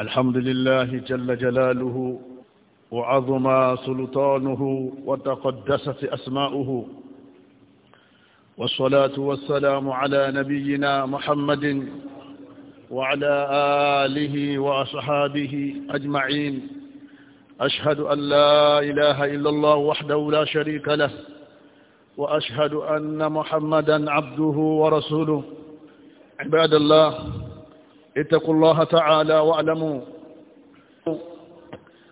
الحمد لله جل جلاله وعظم سلطانه وتقدست أسماؤه والصلاة والسلام على نبينا محمد وعلى آله وأصحابه أجمعين أشهد أن لا إله إلا الله وحده لا شريك له وأشهد أن محمدا عبده ورسوله عباد الله اتقوا الله تعالى واعلموا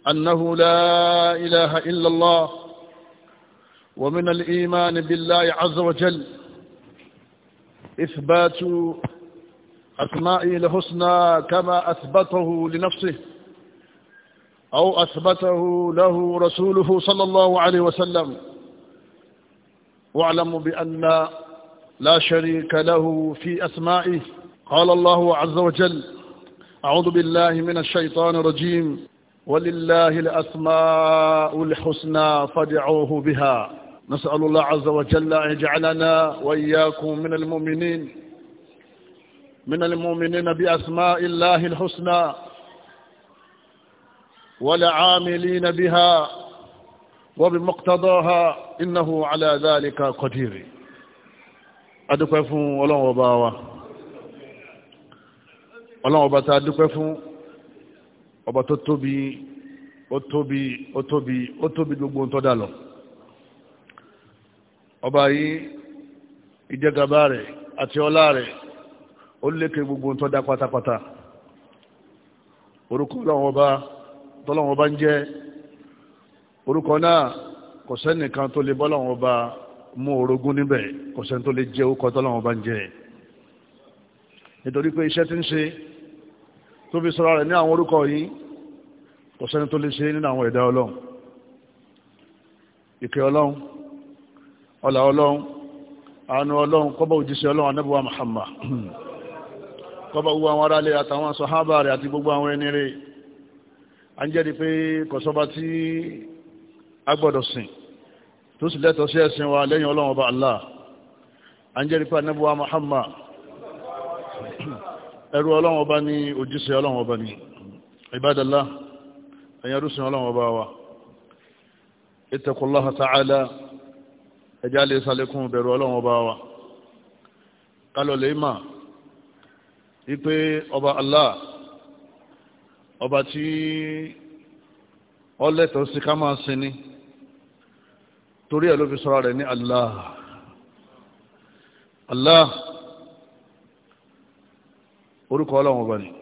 أنه لا إله إلا الله ومن الإيمان بالله عز وجل إثبات أسمائه الحسنى كما أثبته لنفسه أو أثبته له رسوله صلى الله عليه وسلم واعلموا بأن لا شريك له في أسمائه قال الله عز وجل أعوذ بالله من الشيطان الرجيم ولله الأسماء الحسنى فادعوه بها نسأل الله عز وجل أن يجعلنا وإياكم من المؤمنين من المؤمنين بأسماء الله الحسنى والعاملين بها وبمقتضاها إنه على ذلك قدير أدفع فون ولو وباوه ọlọ́run ọba tá a dúpẹ́ fún ọba tó tóbi ó tóbi ó tóbi ó tóbi gbogbo ń tọ́dà lọ ọba yìí ìjẹgàba rẹ̀ àti ọlá rẹ̀ ó lékè gbogbo ń tọ́dà pátápátá orúkọ ọlọ́run ọba tọ́lọ́run ọba ń jẹ́ orúkọ náà kò sẹ́nìkan tó lè bọ́lọ́run ọba mú orogún níbẹ̀ kò tó lè jẹ́ orúkọ tọ́lọ́run ọba ń jẹ́ ẹ̀. nítorí pé iṣẹ́ tí ń ṣe tó fi sọ́ra rẹ̀ ní àwọn orúkọ yìí kò sẹ́ni tó lè ṣe nínú àwọn ẹ̀dá ọlọ́run ìkẹ́ ọlọ́run ọlà ọlọ́run àánú ọlọ́run kọ́bọ̀ òjíṣẹ́ ọlọ́run anábùwà Muhammad kọ́bọ̀ gbogbo àwọn gbogbo àwọn ẹni rẹ̀ a ń jẹ́rìí pé kọ̀sọ́ba tí a gbọ́dọ̀ sìn tó sì lẹ́tọ̀ọ́ sí ẹ̀sìn ọba Allah ń ẹrú ọlọ́wọ́ bá ní òjíṣẹ́ ọlọ́wọ́ bá ní ibadallah ẹ̀yàn rúsìn ọlọ́wọ́ bá wa ittaqullaha ta'ala ẹjá lè sàlékún bẹ̀rù ọlọ́wọ́ bá wa kálọ̀ lè mà wípé ọba Allah ọba tí ọlẹ́tọ̀ sí ká máa sin torí ẹ̀ ló fi sọ́ra rẹ̀ ní Allah Allah ورك ولا مبني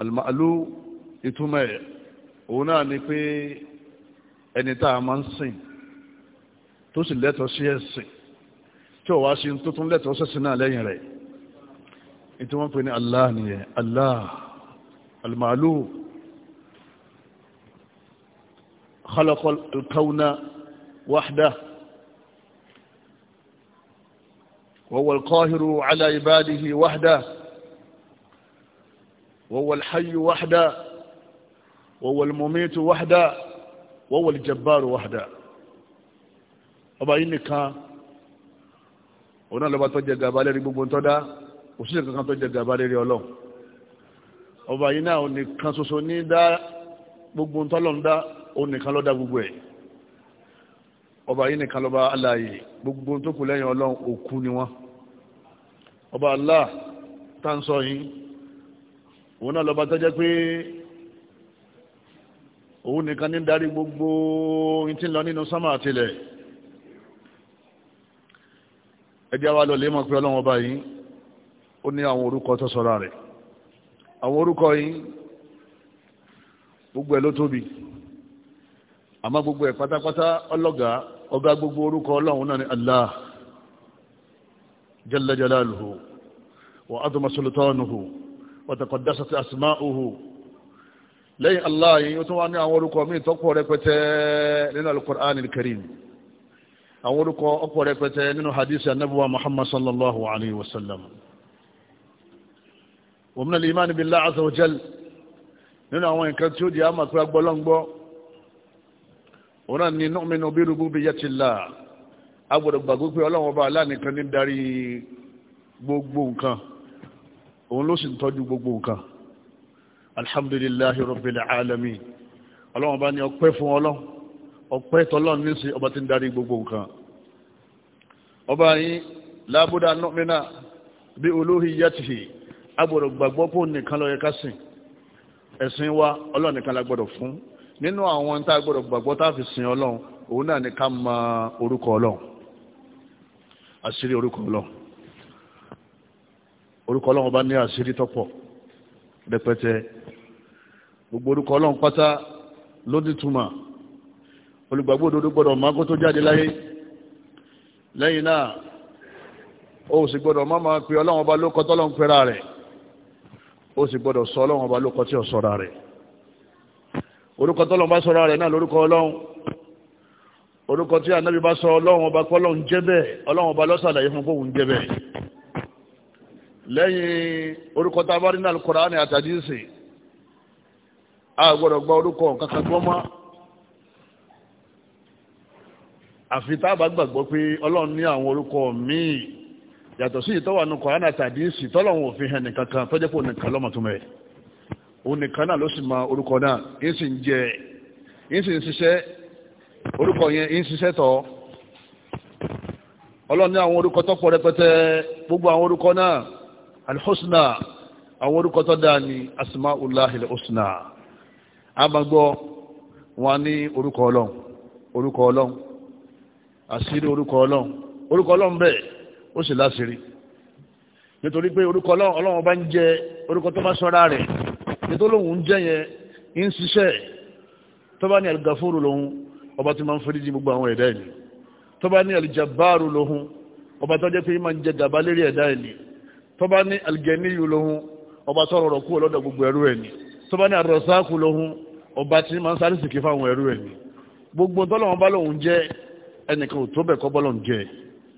المألو يتم هنا نبي أن تعمل سين توصل له توصية سين تو واسين تطلع له توصية سنة لين لين إنتم فين الله نية الله المألو خلق الكون وحده وهو القاهر على عباده وحده وهو الحي وحده وهو المميت وحده وهو الجبار وحده ọba yìí nìkan òun náà lọ́ba tó jẹ gàba lérí gbogbo tó dá òṣìṣẹ́ kankan tó jẹ gàba lérí ọlọ́run ọba yìí náà òun nìkan ṣoṣo ní dá gbogbo tọ́lọ́run dá òun nìkan ló dá gbogbo ẹ̀ ọba yìí nìkan lọ́ba aláàyè gbogbo tó kù lẹ́yìn ọlọ́run òkú ni wọ́n ọba Allah tá ń sọ yìí òun náà lọ́ba tó jẹ́ pé òun nìkan ní darí gbogbo ohun tí ń lọ nínú sámà àtìlẹ̀ ẹjẹ́ wa lọ lè mọ̀ pé ọlọ́run ọba yìí ó ní àwọn orúkọ tó sọ́ra rẹ̀ àwọn orúkọ yìí gbogbo ẹ̀ ló tóbi àmọ́ gbogbo ẹ̀ pátápátá ọlọ́gàá ọ̀gá gbogbo orúkọ ọlọ́run náà ni Allah jalla jalaluhu wa adama sultanuhu wa taqaddasat asma'uhu lẹ́yìn Allah yìí tó wá ní àwọn orúkọ míì tó pọ̀ rẹpẹtẹ nínú al-Qur'an al-Karim àwọn orúkọ ọ̀pọ̀ rẹpẹtẹ nínú hadisi annabuwa Muhammad òun náà ni nọ́ọ̀mìnà bí rúgbó bí yẹtìlá agbọ̀dọ̀ gbàgbé pé ọlọ́run ọba aláàánìkan ní darí gbogbo nǹkan òun ló sì ń tọ́jú gbogbo nǹkan alhamdulillahi rabbil alamin ọlọ́run ọba ni ọpẹ́ fún ọlọ́run ọpẹ́ tọ́lọ́run ní sí ọba tí ń darí gbogbo nǹkan ọba yìí lábúdà nọ́ọ̀mìnà bí olóhi yẹtìhì agbọ̀dọ̀ gbàgbọ́ pé òun nìkan ló yẹ ká sìn ẹ̀sìn wa ọlọ́run nìkan la gbọ́dọ̀ fún nínú àwọn tá a gbọ́dọ̀ gbàgbọ́ tá a fi sin ọlọ́run òun náà ni ká mọ orúkọ ọlọ́run àṣírí orúkọ ọlọ́run orúkọ ọlọ́run bá ní àṣírí tọ́pọ̀ rẹpẹtẹ gbogbo orúkọ ọlọ́run pátá ló ní túmọ̀ olùgbàgbọ́ òdodo gbọ́dọ̀ máa kó tó jáde láyé lẹ́yìn náà ó sì gbọ́dọ̀ má máa pe ọlọ́run ọba ló tọ́lọ́run pẹ́ra rẹ̀ ó sì gbọ́dọ̀ sọ ọlọ́run ọba ló tí ò sọ́ra rẹ̀ orúkọ tó lọ́n bá sọ̀rọ̀ rẹ̀ náà lórúkọ ọlọ́run orúkọ tí ànábì bá sọ ọlọ́run ọba kọ́lọ́run jẹ́ bẹ́ẹ̀ ọlọ́run ọba lọ́sàlàyé fún kóhùn jẹ́ bẹ́ẹ̀ lẹ́yìn orúkọ tá a bá rí náà Kùránì àtàdísì a gbọ́dọ̀ gba orúkọ kankan tó mọ́ àfi tá a bá gbàgbọ́ pé ọlọ́run ní àwọn orúkọ míì yàtọ̀ sí ìtọ́wà òun nìkan náà ló sì mọ orúkọ náà yín sì ń jẹ yín sì ń ṣiṣẹ́ orúkọ yẹn yín ṣiṣẹ́ tọ́ ọlọ́run àwọn orúkọ pọ̀ rẹpẹtẹ gbogbo àwọn orúkọ náà alhosna àwọn orúkọ tó dáa ní asmaulahil husna agbàgbọ́ wọn ní orúkọ ọlọ́run orúkọ ọlọ́run àṣírí orúkọ orúkọ ètò olóhùn ń jẹ́ yẹn ń ṣiṣẹ́ tó bá ní àlùgàfóró lòun ọba tí máa ń foríjì gbogbo àwọn ẹ̀dá ẹ̀lì tó bá ní àlùjàbáàrù lòun ọba tó jẹ́ pé máa ń jẹ gàba lérí ẹ̀dá ẹ̀lì tó bá ní àlùgẹ̀níyù lòun ọba tó kú ọlọ́dọ̀ gbogbo ẹrú ẹ̀ni tó ní àrọ̀sáàkù lòun ọba tí máa ń sáré sìkì fáwọn ẹrú ẹ̀ni gbogbo tọ́lọ́wọ́n bá lòun jẹ́ ẹnìkan tó bẹ̀ kọ́ bọ́lọ̀ jẹ́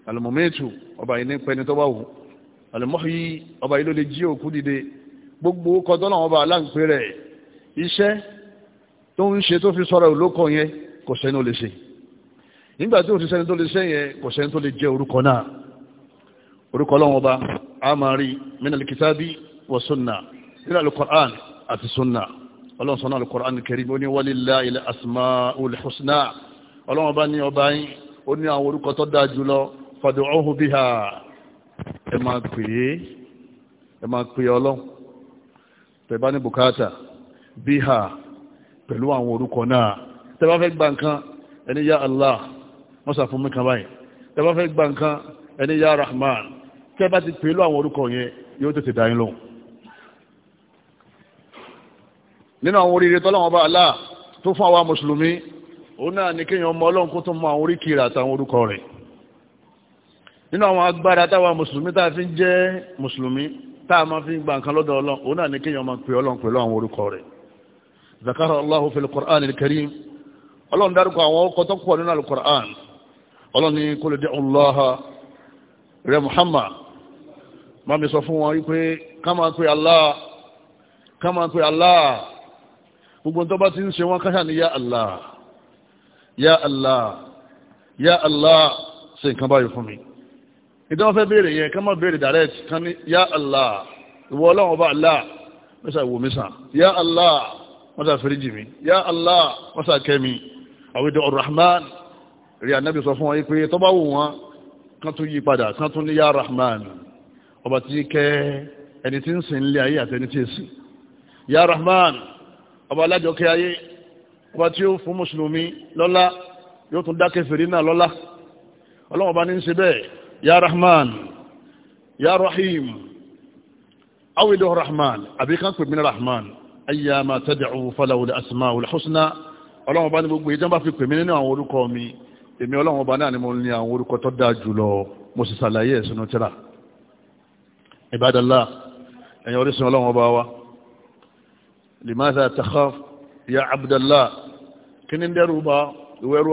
àlùmọ̀mẹ́tù ọba yìí ní pẹ́ni tó wù àlùmọ́hì gbogbo kọtọ́ náà wọ́n bá aláǹpẹ́ rẹ̀ iṣẹ́ tó ń ṣe tó fi sọ̀rọ̀ olókọ yẹn kò sẹ́ni ó lè ṣe nígbà tí òṣìṣẹ́ni tó lè ṣe yẹn kò sẹ́ni tó lè jẹ́ orúkọ náà orúkọ lọ́wọ́n bá a máa wa sunna nínú alukur'an àti sunna ọlọ́run sọ́nà alukur'an karim ó ní walillahi al-asma'ul husna ọlọ́run bá ní ọba yín ó ní àwọn orúkọ tó dáa jùlọ fad'uhu biha ẹ máa pè é ẹ máa pè ọlọ́run tẹ̀bá ní bùkátà bíhà pẹ̀lú àwọn orúkọ náà tẹ́bá fẹ́ gba nǹkan ẹni yá Allah mọ́sà fún mi kan báyìí tẹ́bá fẹ́ gba nǹkan ẹni yá Rahman tẹ́bá ti pẹ̀lú àwọn orúkọ yẹn yóò tètè dáyín lóhùn nínú àwọn oríire tọ́lọ́wọ́n bá Allah tó fún àwa mùsùlùmí òun náà ní kéèyàn ọmọ ọlọ́run kó tó mọ àwọn oríkì rẹ̀ àtàwọn orúkọ rẹ̀ nínú àwọn agbára táwa mùsùlùmí tá fi ń jẹ́ mùsùlùmí tá a máa fi gba nǹkan lọ́dọ̀ ọlọ́run òun náà ní kéèyàn máa pè ọlọ́run pẹ̀lú àwọn orúkọ rẹ̀ zakara allahu fil qur'an al-karim ọlọ́run dárúkọ àwọn ọkọ̀ tó pọ̀ nínú al-qur'an ọlọ́run ní kó lè dé ọlọ́ha rẹ̀ muhammad máa mi sọ fún wọn wípé ká máa pè allah ká máa allah gbogbo tó bá ti ń ṣe wọn káṣà ní ya allah ya allah ya allah ṣe nǹkan báyìí fún mi ìdí wọ́n fẹ́ béèrè yẹn kán mọ́ béèrè direct kan ní ya allah ìwọ ọlọ́run ọba allah mẹ́sà ìwò mísà ya allah mọ́sà fẹ́ríjì mi ya allah mọ́sà kẹ́mi àwẹ̀dẹ̀ ọ̀rọ̀hman rí anábì sọ fún wọn pé tọ́bá wù wọn kán tún yí padà kán tún ní ya rahman ọba tí kẹ́ ẹni tí ń sin ilé ayé àti ẹni tí ń sin ya rahman ọba alájọkẹ́ ayé ọba tí ó fún mùsùlùmí lọ́lá yóò tún dá kèfèrí náà lọ́lá ọlọ́run ọba ní ń ṣe bẹ́ẹ̀ ya rahman ya rahim awilu rahman àbí kan pè mí ní rahman ayé ma tẹ́dẹ̀ẹ́ fọláwọlẹ̀ asma olùhúsná ọlọ́wọ́n bá ní gbogbo ìjọba fi pè mí nínú àwọn orúkọ mi èmi ọlọ́wọ́n bá náà ni mo ní àwọn orúkọ tó dáa jùlọ mo sì sàlàyé ẹ̀sìn tíra ibadallah ẹ̀yìn orísun ọlọ́wọ́n bá wa limaza takhaf ya abdallah kí ni dẹ́rù bá ìwẹ́rù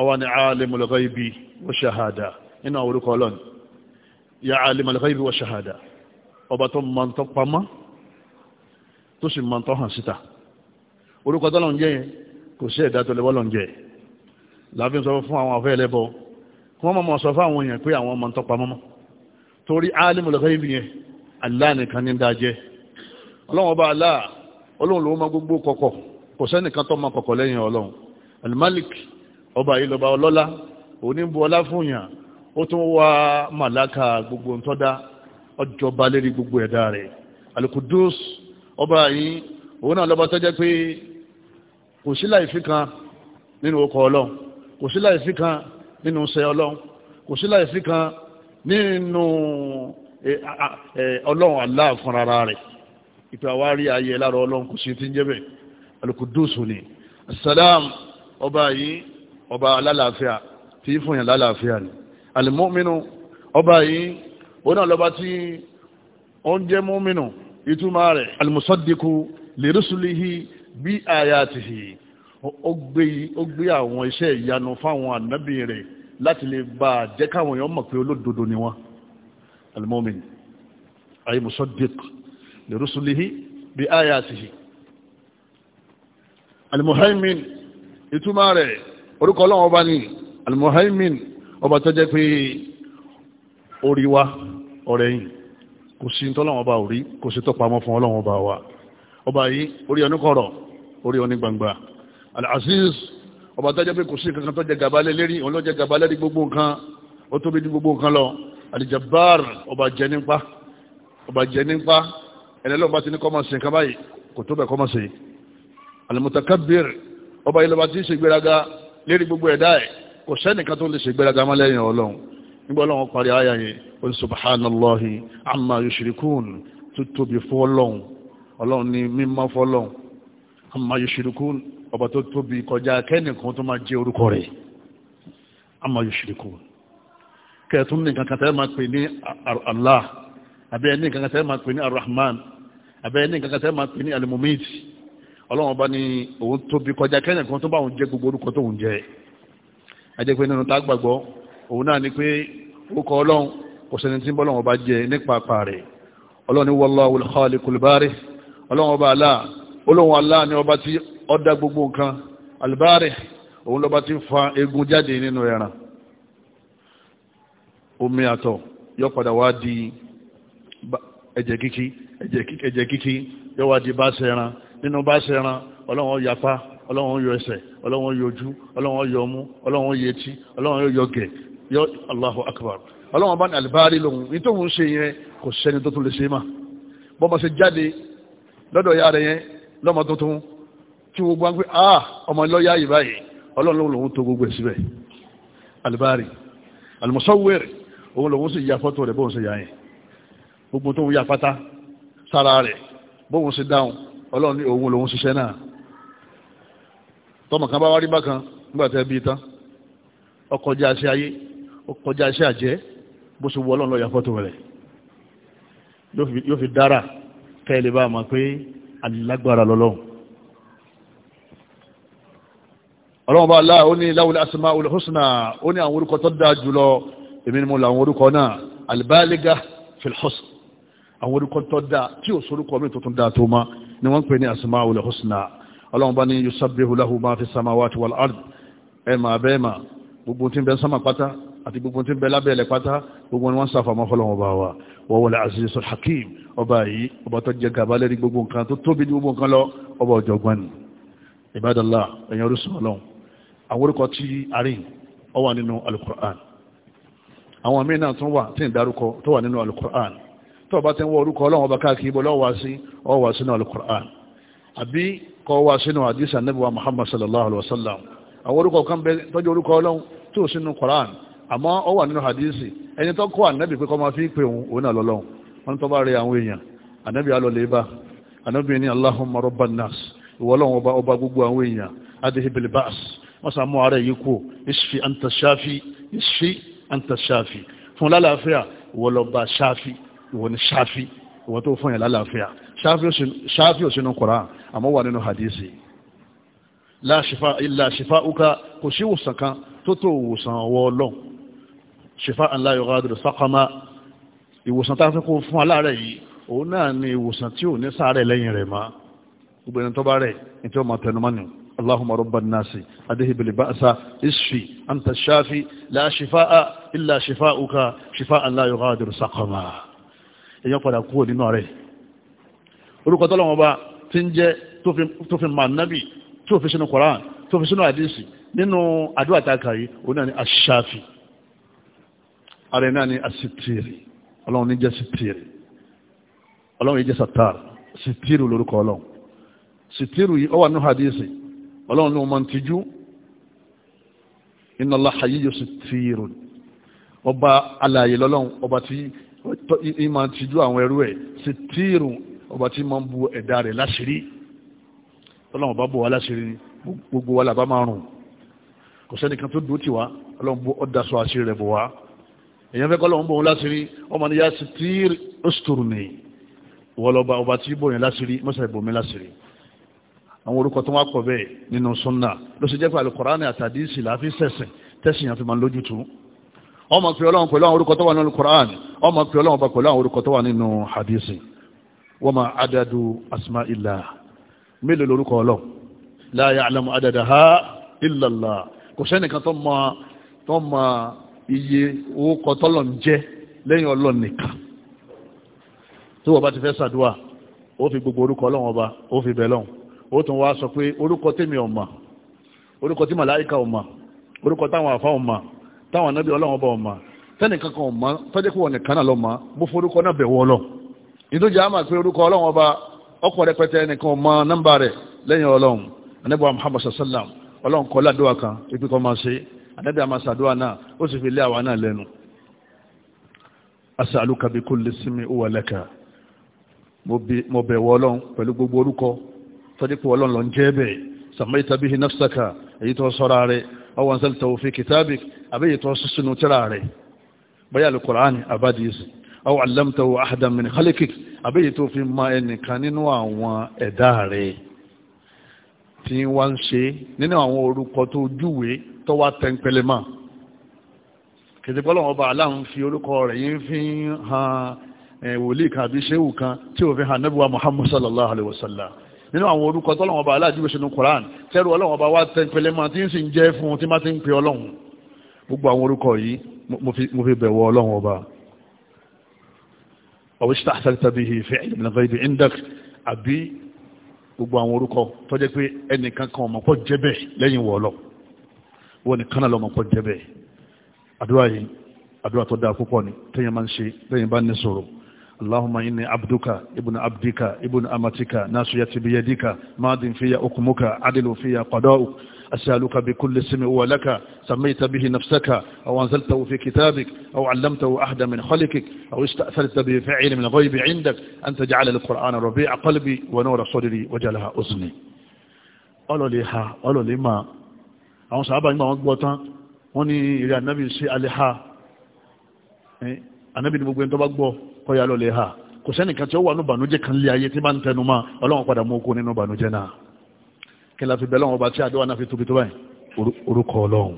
ọwọ́ ni alimul ghaibi wa shahada nínú àwọn orúkọ ọlọ́ni ya alimul ghaibi wa shahada ọba tó ma ń tọ́ pamọ́ tó sì ma ń tọ́ hàn síta orúkọ tọ́lọ̀ ń jẹ́ yẹn kò sí ẹ̀dá tó lè bọ́lọ̀ ń jẹ́ láàfin sọ fún àwọn afẹ́ ẹlẹ́bọ kí wọ́n mọ̀ sọ fún àwọn èèyàn pé àwọn ma ń tọ́ pamọ́ mọ́ torí alimul yẹn Allah nìkan ní dájẹ́ ọlọ́run ọba Allah ọlọ́run ló ma gbogbo kọ̀kọ̀ kò sẹ́nìkan tó ma kọ̀kọ̀ lẹ́yìn ọlọ́run al-malik ọba yìí lọ́ba ọlọ́lá òní ń bu ọlá fún yàn ó tún wá màláka gbogbo ntọ́dá ọjọba lérí gbogbo ẹ̀dá rẹ̀ alukudus ọba yìí òun náà lọ́ba tó jẹ́ pé kò sí láìfi kan nínú ọkọ̀ ọlọ́run kò sí láìfi kan nínú sẹ ọlọ́run kò sí láìfi kan nínú ọlọ́run Allah rẹ̀ ìpè àwa rí ayé lára ọlọ́run kò sí ti ń jẹ́ bẹ́ẹ̀ alukudus ni salam ọba yìí ọba alálàáfíà tí í fún yàn lálàáfíà ni alìmọ́mínú ọba yìí ó náà lọ́ba tí ó ń jẹ́ mọ́mínú ìtumọ̀ rẹ̀ alìmọ́sọ́dínkù lèrúsùlìhì bí àyàtìhì ó gbé àwọn iṣẹ́ ìyanu fáwọn ànábì rẹ̀ láti lè bá a jẹ́ káwọn èèyàn mọ̀ pé olódodo ni wọ́n alìmọ́mínú ayémọ́sọ́dínkù lèrúsùlìhì bí àyàtìhì alìmọ́hàmín ìtumọ̀ rẹ̀ orúkọ ọlọ́run ọba ní almuhaimin ọba tó jẹ́ pé orí wa ọ̀rẹ́ yìí kò sí tọ́lọ́run ọba orí kò sí tọ́pamọ́ fún ọlọ́run ọba wa ọba yìí orí ọ̀nìkọ̀rọ̀ orí ọ̀nì gbangba al-aziz ọba tó jẹ́ pé kò sí kankan tó jẹ gàba lérí òun ló jẹ gàba lérí gbogbo nǹkan ó tóbi ní gbogbo nǹkan lọ al ọba jẹ nípa ọba jẹ nípa ẹlẹ́lọ́ bá ti ní kọ́mọ̀ nǹkan báyìí kò tó bẹ̀ kọ́mọ̀ sí al-mutakabbir ọba yìí lọ́ba tí ń ṣègbéraga lérí gbogbo ẹ̀dá ẹ̀ kò sẹ́nìkan tó lè ṣe gbéraga mọ́ lẹ́yìn ọlọ́run nígbà ọlọ́run parí ayà yẹn ó ní subhanallahi amma yushrikun tó tóbi fún ọlọ́run ọlọ́run ní mímọ́ fọlọ́run amma yushrikun ọba tó tóbi kọjá kẹ́nìkan tó máa jẹ́ orúkọ rẹ̀ amma yushrikun kẹ́ẹ̀tún ní kankan tẹ́ máa pè ní Allah àbẹ́ ní kankan tẹ́ máa pè ní arrahman àbẹ́ ní kankan tẹ́ máa pè ní alimumiti ọlọ́run bá ní òun tóbi kọjá kẹ́yìn kan tó bá òun jẹ́ gbogbo orúkọ tóun jẹ́ ajẹ́ pé nínú tá gbàgbọ́ òun náà ni pé orúkọ ọlọ́run kò sẹ́ni tí bọ́lọ́run bá jẹ nípa apá ọlọ́run ní wallahu al-khaliqul bari ọba aláà olóhun aláà ni ọba tí ó gbogbo nǹkan al òun lọ́ba tí fa egun jáde nínú ẹran omi àtọ̀ yọ padà wá di ẹ̀jẹ̀ kíkí ẹ̀jẹ̀ kíkí yọ wá di bá ṣẹran nínú bá ṣe ran ọlọ́run yapa ọlọ́run yọ ẹsẹ̀ ọlọ́run yọjú ọlọ́run yọ ọmú ọlọ́run yọ etí ọlọ́run yọ gẹ̀ yọ Allahu Akbar ọlọ́run bá ní àlìbárí lòun ní tó ń ṣe yẹn kò sẹ́ni tó tún lè ṣe mà bọ́ bá ṣe jáde lọ́dọ̀ ya rẹ̀ yẹn lọ́mọ tuntun tí wọ́n gbọ́n pé ah ọmọ lọ́yà yìí báyìí ọlọ́run lòun tó gbogbo ẹ̀ síbẹ̀ àlìbárí al-musawwir òun lòun sì ya fọ́tò rẹ̀ bóun ṣe ọlọ́run ní òun lòun ṣiṣẹ́ náà tọmọ kan bá wá rí bákan nígbà tẹ́ bí tán ọkọjá iṣẹ́ ayé ọkọjá iṣẹ́ àjẹ́ bó ṣe wọ ọlọ́run lọ́ọ́ yàfọ́tò rẹ̀ yóò fi dára kẹ́lẹ̀ bá mọ̀ pé alágbára lọ́lọ́run ọlọ́run bá aláà ó ní láwùlẹ̀ asìmá olùhúsùnà ó ní àwọn orúkọ tó dáa jùlọ èmi ni mo làwọn orúkọ náà albáligá filhus àwọn orúkọ tó dáa tí ò sórúkọ mi tuntun dáa tó máa ni wọ́n pè ní asmaul husna ọlọ́run bá ní yusabbihu lahu ma fi samawati wal ard ẹ̀mà bẹ́ẹ̀mà gbogbo tí ń bẹ sánmà pátá àti gbogbo tí ń bẹ lábẹ́ẹ̀lẹ̀ pátá gbogbo ni wọ́n sáfà mọ́ fọ́lọ́run ọba wa wọ́n wọlé azizul hakim ọba yìí ọba tó jẹ gàba lẹ́rí gbogbo nǹkan tó tóbi ní gbogbo nǹkan lọ ọba ọ̀jọ̀gbọ́n ni ibadala ẹ̀yàn orísun tó bá ti ń wọ orúkọ ọlọ́run ọba káàkiri bọ́ lọ́wọ́ wá sí ọwọ́ wá sínú alukur'an àbí kọ́ wá sínú àdísà nẹ́bùwá muhammad sallallahu alaihi wasallam àwọn orúkọ kan bẹ tọ́jú orúkọ ọlọ́run tó sínú kur'an àmọ́ ó wà nínú àdísì ẹni tó kọ́ ànábì pé kọ́ máa fi pè òun òun náà lọ́lọ́run wọn tó bá rí àwọn èèyàn ànábì alọ́lẹ̀ bá ànábì ní allahumma rabban nas ìwọlọ́run ọba ọba gbogbo àwọn èèyàn adéhìbìlì lálàáfíà ìwọlọ́ba ṣáfi ìwọ ni ṣáfí ìwọ tó fún yàn lálàáfíà ṣáfí ò sínú Kùránì àmọ́ wà nínú hadisi la shifa illa shifa uka kò sí ìwòsàn kan tó tó ìwòsàn ọwọ́ ọlọ́n shifa an la yughadiru saqama tá a fún aláàrẹ̀ yìí òun náà ni ìwòsàn tí ò ní sáàrẹ̀ lẹ́yìn rẹ̀ máa gbogbo tó bá rẹ̀ ní tí ó máa tẹnumọ́ ni اللهم رب الناس أذهب البأس اشفي أنت الشافي لا شفاء إلا شفاؤك شفاء لا يغادر سقما èyàn padà kúrò nínú rẹ̀ orúkọ tọ́lọ́wọ́n bá ti ń jẹ́ tó fi máa nábì tí ò fi sínú koran tí ò fi sínú àdísì nínú àdúrà tààkà yìí òun náà ni aṣáfi ààrẹ náà ni asitiri ọlọ́run ní jẹ́ sitiri ọlọ́run yìí jẹ́ satar sitiri lórúkọ ọlọ́run sitiri yìí ó wà nínú àdísì ọlọ́run ní ọmọ tìjú inna Allah hayyun sitirun ọba alààyè ọba tí ìmọ̀ tìjú àwọn ẹrú ẹ̀ sí tíìrù ọba tí ma ń bu ẹ̀dá rẹ̀ láṣìírí ọlọ́run bá bò wá láṣìírí ni gbogbo wa làbá máa rùn kò sẹ́nìkan tó dùn tiwa ọlọ́run bó ọ̀dà sọ àṣírí rẹ̀ bò wá èèyàn fẹ́ kọ́ ọlọ́run bò wọn láṣìírí ọmọ ni yá sí tíìrì ọ̀sítòrò ni ìwọlọba ọba tí bò yẹn láṣìírí mọ́sà ìbò mi láṣìírí àwọn orúkọ tó wá pọ̀ bẹ́ẹ̀ nínú sunna ló sì jẹ́ pé àlùkùránì àtàdísì làáfi sẹ̀sìn tẹ̀sìn àfi máa lójútùú ọmọ pè ọlọ́run pẹ̀lú àwọn orúkọ tó wà nínú Qur'an ọmọ pè ọlọ́run bá pẹ̀lú àwọn orúkọ tó wà nínú hadisi wa ma adadu asma'illah mélòó lórúkọ ọlọ́run la ya'lamu adadaha illa Allah kò sẹ́nìkan tó mọ tó mọ iye orúkọ tọ́lọ̀ ń jẹ́ lẹ́yìn ọlọ́run nìkan tó wọ́n bá ti fẹ́ sàdúà ó fi gbogbo orúkọ ọlọ́run ọba ó fi bẹ̀ ó tún wá sọ pé orúkọ tèmi ọ̀mà orúkọ tí màláìka ọ̀mà orúkọ táwọn àfá ọ̀mà táwọn anábì ọlọ́run bá ọmọ tẹ́nìkan kankan ọmọ tọ́jú pé wọn nìkan náà lọ́mọ bó forúkọ náà bẹ̀wọ̀ lọ ìdójà àmà pé orúkọ ọba ọkọ̀ rẹpẹtẹ ẹnìkan ọmọ nọ́mbà rẹ̀ lẹ́yìn ọlọ́run anábì Muhammad sallam ọlọ́run kan ibi kan máa ṣe fi ọwọ́ anzaltahu fi kitabik àbẹ́yẹ tó sọ sínú tíra rẹ̀ bóyá alukur'ani abadis ọwọ́ allamtahu ahadan min khalikik àbẹ́yẹ tó fi ma ẹnìkan nínú àwọn ẹ̀dá rẹ̀ tí wọ́n ń ṣe nínú àwọn orúkọ tó júwe tó wá tẹ́ńpẹ́lẹ́ mọ́ kìtìpọ́lọ́wọ́ bá aláhùn fi orúkọ rẹ̀ yín fi hàn eh, wòlíì kan àbí ṣéwù kan tí òfin hàn nábì wa sallallahu alaihi wasallam nínú àwọn orúkọ tọ́lọ́wọ́n ọba aláàjúwe sínú Quran tẹ́rù ọlọ́wọ́n ọba wá tẹ́ pẹlẹ́ máa ti ń sì ń jẹ́ fún tí máa ti ń pe ọlọ́run gbogbo àwọn orúkọ yìí mo fi bẹ̀wọ̀ ọlọ́run ọba ọ̀wíṣítà àṣàlítàbí ìfẹ́ ìdìbìnàfẹ́ ìdì index àbí gbogbo àwọn orúkọ tó jẹ́ pé ẹnìkan kan ọmọ pọ̀ jẹ́bẹ̀ lẹ́yìn wọ̀ọ́lọ́ wọn nìkan náà lọ́mọ pọ̀ jẹ́bẹ̀ àdúrà yìí àdúrà اللهم إني عبدك ابن عبدك ابن أمتك ناصيتي بيدك ماض في أكمك عدل في قضاؤك أسألك بكل اسم هو لك سميت به نفسك أو أنزلته في كتابك أو علمته أحدا من خلقك أو استأثرت به في علم الغيب عندك أن تجعل القرآن ربيع قلبي ونور صدري وجلها أذني ọlọ́ lè ha ọlọ́ lè máa àwọn sàábà nígbà wọn gbọ́ tán wọ́n ní ìrẹ́ ànábì sí alẹ́ ha kọ́yà lọ lè ha kò sẹ́nìkan tí ó wà ní ìbànújẹ́ kan lé ayé tí bá ń tẹnu mọ́ ọlọ́run padà mú okó nínú ìbànújẹ́ náà kí la fi bẹ̀lọ́run ọba tí àdúrà náà fi tóbi tó báyìí orúkọ ọlọ́run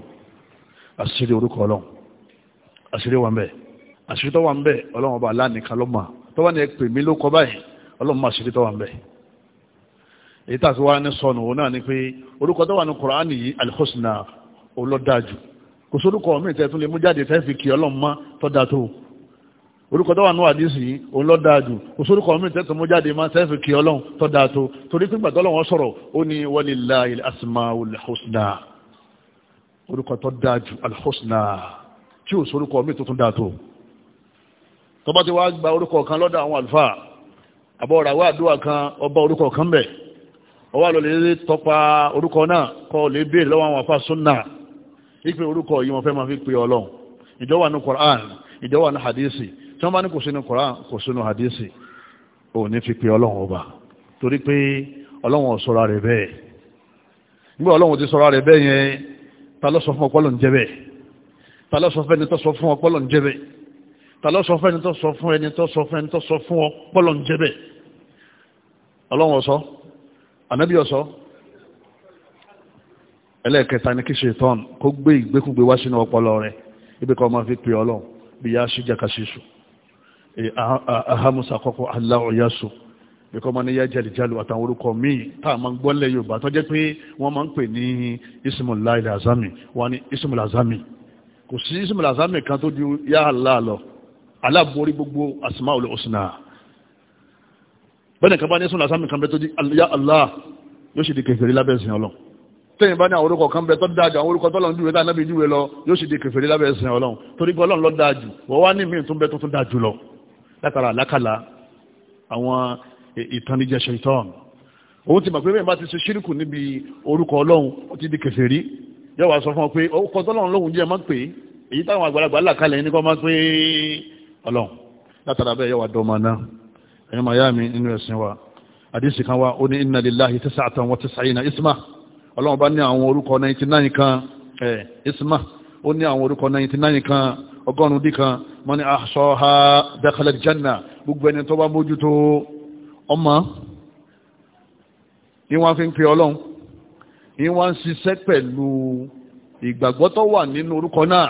àṣírí orúkọ ọlọ́run àṣírí wà ń bẹ̀ àṣírí tó wà ń bẹ̀ ọlọ́run ọba aláàníkan ló mà tó wà ní ẹpè mí ló kọ báyìí ọlọ́run mà àṣírí tó wà ń bẹ̀ èyí tàbí ni pé orúkọ tó wà alhusna olódájú kò sórúkọ mi tẹ́ tún lè mú jáde orúkọ tó wà ní àdísì òun lọ dáa jù òsorúkọ mi tẹ́tọ̀ mú jáde máa tẹ́fì kí ọlọ́run tó dáa tó torí pípà tọ́lọ́ wọn sọ̀rọ̀ ó ní walillahi al-asmaul husna orúkọ tó dáa jù al-husna tí òsorúkọ mi tuntun dáa tó tó bá kan lọ́dọ̀ àwọn àlùfà àbọ̀rà wà kan ọba orúkọ kan bẹ̀ ọwà lọ lè tọpa orúkọ náà kọ́ lè béèrè lọ́wọ́ àwọn àfà sunna ìpè orúkọ yìí wọn fẹ́ máa fi pe ọlọ́run ìjọ ní Qur'an ìjọ ní hadisi tí wọ́n bá ní kò sínú Koran kò sínú hadisi ò ní fi pe ọlọ́run ọba torí pé ọlọ́run ò sọra rẹ̀ bẹ́ẹ̀ nígbà ọlọ́run ti sọra rẹ̀ bẹ́ẹ̀ yẹn ta ló sọ fún ọpọlọ ń jẹ́ bẹ́ẹ̀ ta ló sọ fún ẹni tó sọ fún ọpọlọ ń jẹ́ bẹ́ẹ̀ ta fún ẹni tó sọ fún ẹni tó sọ fún ọpọlọ ń jẹ́ bẹ́ẹ̀ ọlọ́run ọ̀sọ́ ànábì ọ̀sọ́ ẹlẹ́ẹ̀kẹta ni kí ṣètọ́n kó gbé ìgbékúgbé wá sínú ọpọlọ rẹ̀ ibi kan máa fi pè ọlọ́run bí yá sí jẹ́ka ṣíṣù Eh, ahamusa ah, kọ́kọ́ aláwọ̀yásù bí kọ́ máa ní yá jẹ́lìjálù àtàwọn orúkọ míì tá a máa ń gbọ́lẹ̀ yorùbá tó jẹ́ pé wọ́n máa ń pè ní ismulaila azami wọ́n ní ismulazami kò sí ismulazami kan tó ju yá Allah lọ aláborí gbogbo asmaul husna bẹ́ẹ̀ ni bá ní ismulazami kan bẹ́ẹ̀ tó di yá Allah yóò ṣe di kèfèrí lábẹ́ ìsìn ọlọ́ tẹ́yìn bá ní àwọn orúkọ kan bẹ tó dájú àwọn orúkọ tọ́lọ̀ ń júwe tá nábì júwe lọ yóò ṣe di kèfèrí lábẹ́ ìsìn ọlọ́ torí pé ọlọ́run lọ dájú wọ́n wá ní míì tó bẹ látara àlákàlà àwọn ìtànijẹ ṣètọ́n òun ti mọ̀ pé bẹ́ẹ̀ bá ti ṣe ṣírìkù níbi orúkọ ọlọ́run ó ti di kèfèrí yóò wá sọ fún ọ pé orúkọ tọ́lọ́run lóhun jẹ́ máa ń pè é èyí táwọn àgbàlagbà là kalẹ̀ ní kọ́ máa ń pè é ọlọ́run látara bẹ́ẹ̀ yóò wá dọ́ ọmọ náà ẹ̀yin máa yá mi nínú ẹ̀sìn wa àdìsí kan wa ó ní inna lillahi tis'atan wa tis'ina isma ọlọ́run bá ní àwọn orúkọ 99 kan isma ó ní àwọn orúkọ 99 kan ọgọ́rùn-ún dí kan mọ́ ní ha dakhala janna gbogbo ẹni tó bá mójútó ọmọ ní wọ́n fi ń pe ọlọ́run ní wọ́n ń pẹ̀lú ìgbàgbọ́ tó wà nínú orúkọ náà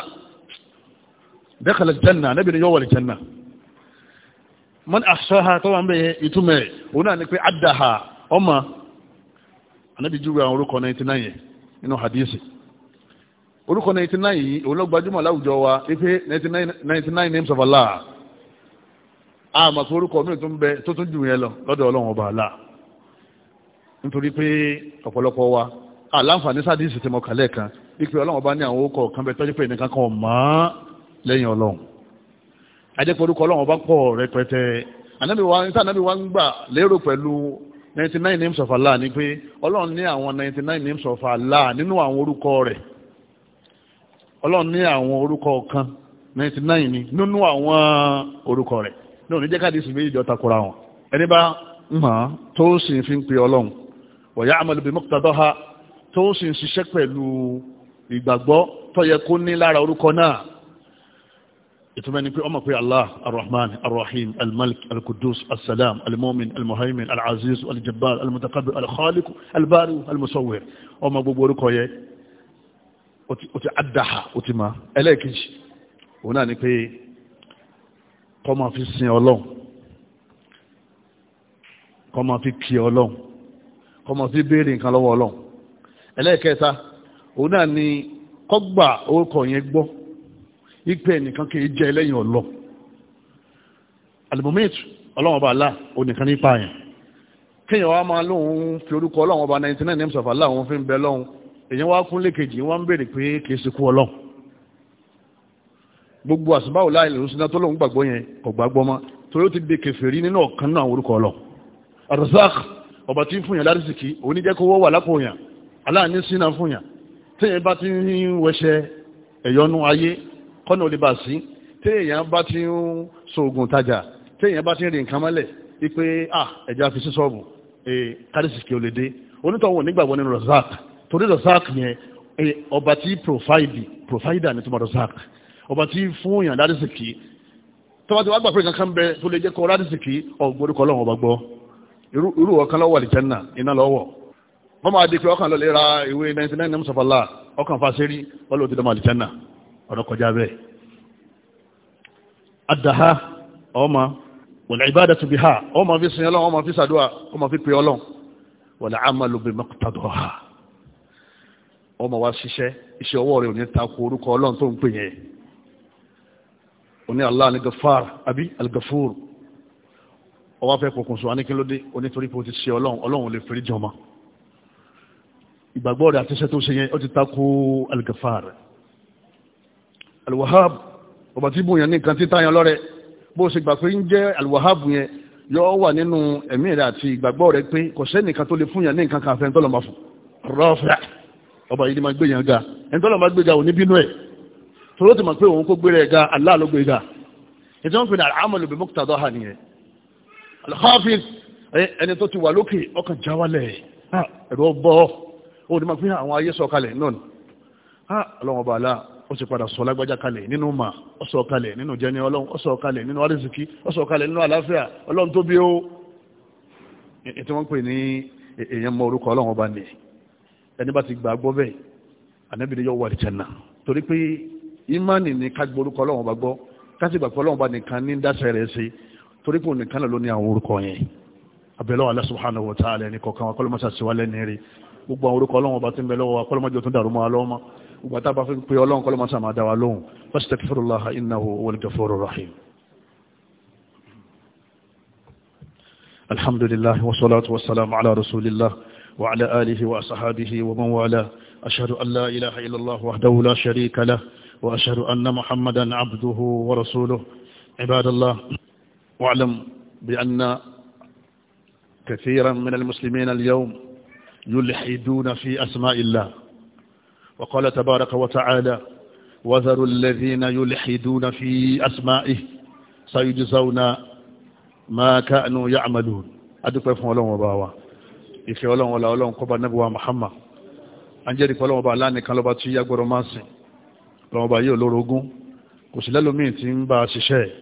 janna anábìnrin yóò janna mọ́ ní ha tó wà ń bẹ ìtumẹ̀ òun náà ni pé addaha ọmọ anábìjú àwọn orúkọ 99 nínú orúkọ 99 yìí òun ló láwùjọ wa ife 99 names of Allah a mọ̀ pé orúkọ mi tún bẹ tó tún jù yẹn lọ lọ́dọ̀ ọlọ́run ọba Allah nítorí pé ọ̀pọ̀lọpọ̀ wa aláǹfààní sádìsì tí mo kà lẹ́ẹ̀kan ọlọ́run ọba ní àwọn orúkọ kan bẹ tọ́jú pé nìkan kan mọ́ lẹ́yìn ọlọ́run orúkọ ọlọ́run ọba pọ̀ rẹpẹtẹ wa níta wa ń gbà lérò pẹ̀lú 99 names of ní àwọn 99 names of ọlọ́run ní àwọn orúkọ kan 99 ni nínú àwọn orúkọ rẹ̀ ní òní jẹ́ káàdì ìsìnbí ìjọ takora wọn ẹni bá mọ̀ tó sì fi ń pe ọlọ́run wọ̀yá àmàlùbí mọ́kútàdọ́ha tó sì ń ṣiṣẹ́ pẹ̀lú ìgbàgbọ́ tó yẹ kó ní lára orúkọ náà ìtumẹ̀ ni pé ọmọ pé allah arrahman arrahim almalik alkudus assalam almomin almuhaimin alaziz aljabbar almutakabbir alkhaliq albari almusawwir ọmọ gbogbo orúkọ yẹ ó ti àdáhà ó ti máa ẹlẹ́ẹ̀kejì òun náà ni pé kọ́ máa fi sin ọlọ́run kọ́ máa fi kí ọlọ́run kọ́ fi béèrè nǹkan lọ́wọ́ ọlọ́run ẹlẹ́ẹ̀kẹta òun náà ni kọ́gbà orúkọ yẹn gbọ́ ipe ẹnìkan kì í jẹ ẹlẹ́yìn ọlọ́ àlùmọ́mẹ́tù ọlọ́run ọba àlá onìkan nípa yẹn kéèyàn wá máa lóun fi orúkọ ọlọ́run ọba ninety names of Allah òun fi ń bẹ lọ́hùn èyàn wá kún lékejì wọ́n ń bèèrè pé kìí ṣe kú ọlọ́run gbogbo àṣìbáwò láì lè rúṣiná tó lóun gbàgbọ́ yẹn kò gbàgbọ́ mọ́ torí ó ti di kèfèrí nínú ọ̀kan náà orúkọ ọlọ́ Ar-Razzaq ọba tí ń fún yàn lárísìkí oníjẹ́ kó wọ́wà lápò yàn aláàní sínà fún yàn téèyàn bá ti ń wẹṣẹ ẹ̀yọnú ayé kọ́nà ò lè bà sí téèyàn bá ti ń sògùn tajà téèyàn bá ti ń rìn nǹkan mọ́lẹ̀ wípé ah ẹ̀jẹ̀ àfi sí sọ́ọ̀bù eh, kárísìkí ò lè dé onítọ̀hún nígbàgbọ́ nínú Ar-Razzaq torí razak yẹn ọba tí profaidi profaida ni tó máa ọba tí fún yàn ládìsìkì tọ́wọ́ wàá gbà pé kankan bẹ tó lè jẹ́ kọ́ ládìsìkì ọgbọ́dúkọ́ lọ́wọ́ ọba gbọ́ irú ọ̀kan lọ́wọ́ iná lọ́wọ́ wọ́n máa di pé ọkàn lọ́lẹ́ ra 99 names of Allah ọkàn wọ́n ọmọ wa ṣiṣẹ́ iṣẹ́ ọwọ́ rẹ̀ ò ní tako orúkọ ọlọ́run tó ń pè yẹn ó Allah ní gafar àbí algafur ọwọ́ afẹ́ pokùnso aníkínlódé onítorí pé ó ti ṣe ọlọ́run ọlọ́run lè fèrè jọmọ ìgbàgbọ́ rẹ̀ àti iṣẹ́ tó ṣe yẹn ó ti tako algafar alwahab ọba tí bóyan ní nǹkan títà yẹn lọ́rẹ̀ bó ṣe gbà pé ń jẹ́ alwahab yẹn yọ wà nínú ẹ̀mí rẹ̀ àti ìgbàgbọ́ rẹ̀ pé kò sẹ́nìkan tó lè fún yàn ní nǹkan kan àfẹ́ntọ́lọ́mọ rọ́fẹ́ ọba yìí ni máa gbéyàn ga ẹni tọ́lọ̀ máa gbéga òní bínú ẹ̀ tọ́lọ́ ti máa pé òun kó gbére ga Allah ló gbéga ètò wọn fi ní àmọ́ lóbi nìyẹn ẹni tó ti wà lókè ọkàn ẹ̀rọ bọ́ ni máa fi àwọn ayé sọ kalẹ̀ ọlọ́wọ́n bá ó ti padà sọ lágbájá kalẹ̀ nínú ma ó sọ kalẹ̀ nínú jẹni ọlọ́run ó sọ kalẹ̀ nínú ẹni bá ti gbà gbọ́ bẹ́ẹ̀ ànábì ni yóò wà àlìjánà torí pé ìmánì ni ká gborúkọ ọlọ́run bá gbọ́ ká sì gbà pé ọlọ́run bá nìkan ní dáṣẹ́ rẹ̀ ṣe torí pé ònìkan náà ló ní àwọn orúkọ yẹn abẹ́lẹ́ Allah subhanahu wa ta'ala ẹni kọ̀ọ̀kan wa kọ́lọ́mọ́sà sí wa lẹ́ni rí gbogbo àwọn orúkọ ọlọ́run ọba tí ń bẹ lọ́wọ́ wa وعلى آله وأصحابه ومن والاه أشهد أن لا إله إلا الله وحده لا شريك له وأشهد أن محمدا عبده ورسوله عباد الله واعلم بأن كثيرا من المسلمين اليوم يلحدون في أسماء الله وقال تبارك وتعالى وذروا الذين يلحدون في أسمائه سيجزون ما كانوا يعملون أدوك فهم الله ìfẹ́ ọlọ́run ọlá ọlọ́run kọba nẹ́bùwà Muhammad a ń jẹ́ ìpọ́ ọlọ́run ọba aláàníkan lọ́ba tí yàgbọ́rọ̀ máa sìn ọlọ́run ọba yóò lórogún kò sí lẹ́lòmíì tí ń bá a ṣiṣẹ́ ẹ̀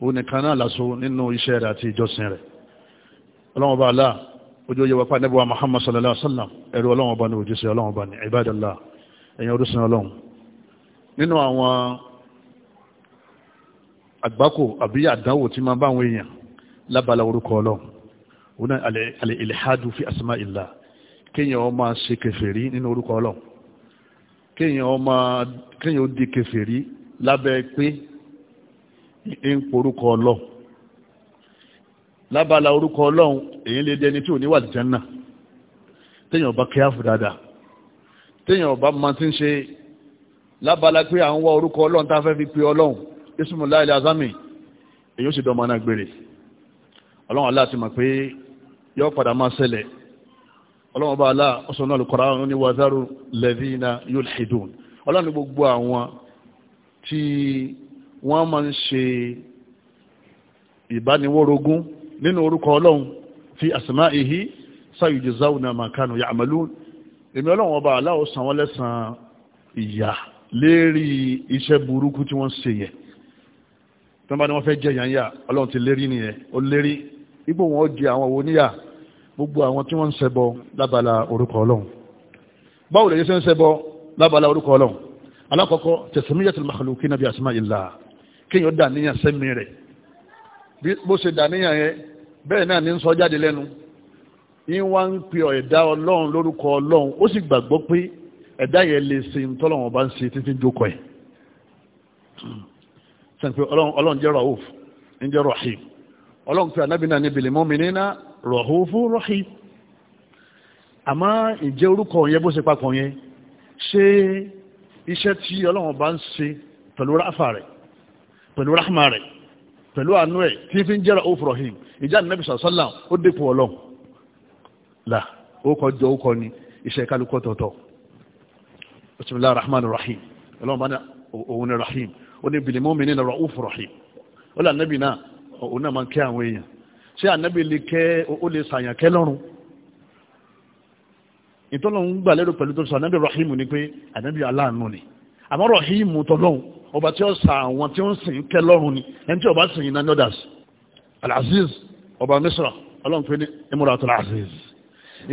òun nìkan náà láso nínú iṣẹ́ rẹ̀ àti ìjọsìn rẹ̀ ọlọ́run ọba alá ojú oyè wapá nẹ́bùwà Muhammad sallallahu alaihi wasallam ẹ̀rù ọlọ́run ọba ní òjíṣẹ́ ọlọ́run ọba ní ibadallah ẹ̀yìn orísun ọlọ́run nínú àwọn àgbákò àbí àdánwò tí máa bá àwọn èèyàn lábala òun àlè ìlhádù fi àsìmá ìlà kéèyàn ó máa ṣe kèfèrí nínú orúkọ ọlọ́run kéèyàn ó máa kéèyàn ó di kèfèrí lábẹ́ pé ń porúkọ ọlọ́run lábala orúkọ ọlọ́run èyí lè dẹni tí ò ní wà lìjánà téèyàn bá kíáfù dáadáa téèyàn bá máa ti ń ṣe lábala pé à ń wá orúkọ ọlọ́run tá a fẹ́ fi pe ọlọ́run ismu láìlẹ̀ azami èyí ó sì dọ́mọ náà gbére ọlọ́run aláàtì pé yóò padà máa ṣẹlẹ̀ ọlọ́run bá aláà ọ̀sán náà Al-Qur'an ní wàzárù lẹ́dínà yulhidun ọlọ́run ní gbogbo àwọn tí wọ́n máa ń ṣe ìbániwọ́rogún nínú orúkọ ọlọ́run fi asma'ihi sayujzawna ma kanu ya'malun èmi ọlọ́run ọba aláà ọ̀sán wọn lẹ́sàn ìyà lérí iṣẹ́ burúkú tí wọ́n ṣe yẹ tí wọ́n fẹ́ jẹ́ yàn ọlọ́run ti lérí nìyẹn ó lérí ipò wọn di àwọn wo níyà gbogbo àwọn tí wọ́n ń ṣẹbọ lábala orúkọ ọlọ́run báwo lè ṣe ń ṣẹbọ lábala orúkọ ọlọ́run alákọ̀ọ́kọ́ tasmiyatul makhluqina bi asma'illah kéèyàn dà níyàn sẹ́mi rẹ̀ bó ṣe dà níyàn yẹn bẹ́ẹ̀ náà ní ń sọ jáde lẹ́nu yín wá ń pe ẹ̀dá ọlọ́run lórúkọ ọlọ́run ó sì gbàgbọ́ pé ẹ̀dá yẹn lè ṣe ń tọ́lọ́run bá ń ṣe títí jókòó ẹ̀ sẹ́ni pé ọlọ́run jẹ́ rahuf ń jẹ́ rahim ọlọ́run pé ànábì náà ní bil mu'minina raufur rahim àmọ́ ìjẹ́ orúkọ yẹn bó ṣe papọ̀ yẹn ṣé iṣẹ́ tí ọlọ́run bá ń ṣe pẹ̀lú ráfà rẹ̀ pẹ̀lú ráhmà rẹ̀ pẹ̀lú àánú ẹ̀ tí fi ń jẹ́ raufur rahim ìjà ànábì sàṣọ́là ó dépò ọlọ́run là ó kọjọ ó kọ ni iṣẹ́ kálukọ́ tọ̀tọ̀ bismillah ọlọ́run bá ní òun rahim ó ní bil mu'minina raufur rahim ó lànàbì náà òun náà máa kẹ́ àwọn èèyàn ṣé ànábì lè kẹ́ ó lè sàyàn kẹ́ lọ́rùn ìtọ́lọ́hún gbà lérò pẹ̀lú tó sọ ànábì rahimu ni pé ànábì aláàánú ni àmọ́ rahimu tọ́lọ́hún ọba tí ó sa àwọn tí ó ń sìn kẹ́ lọ́rùn ni ẹni tí ọba sìn iná ní ọ̀dàs alaziz ọba misra ọlọ́run pé ní imuratul aziz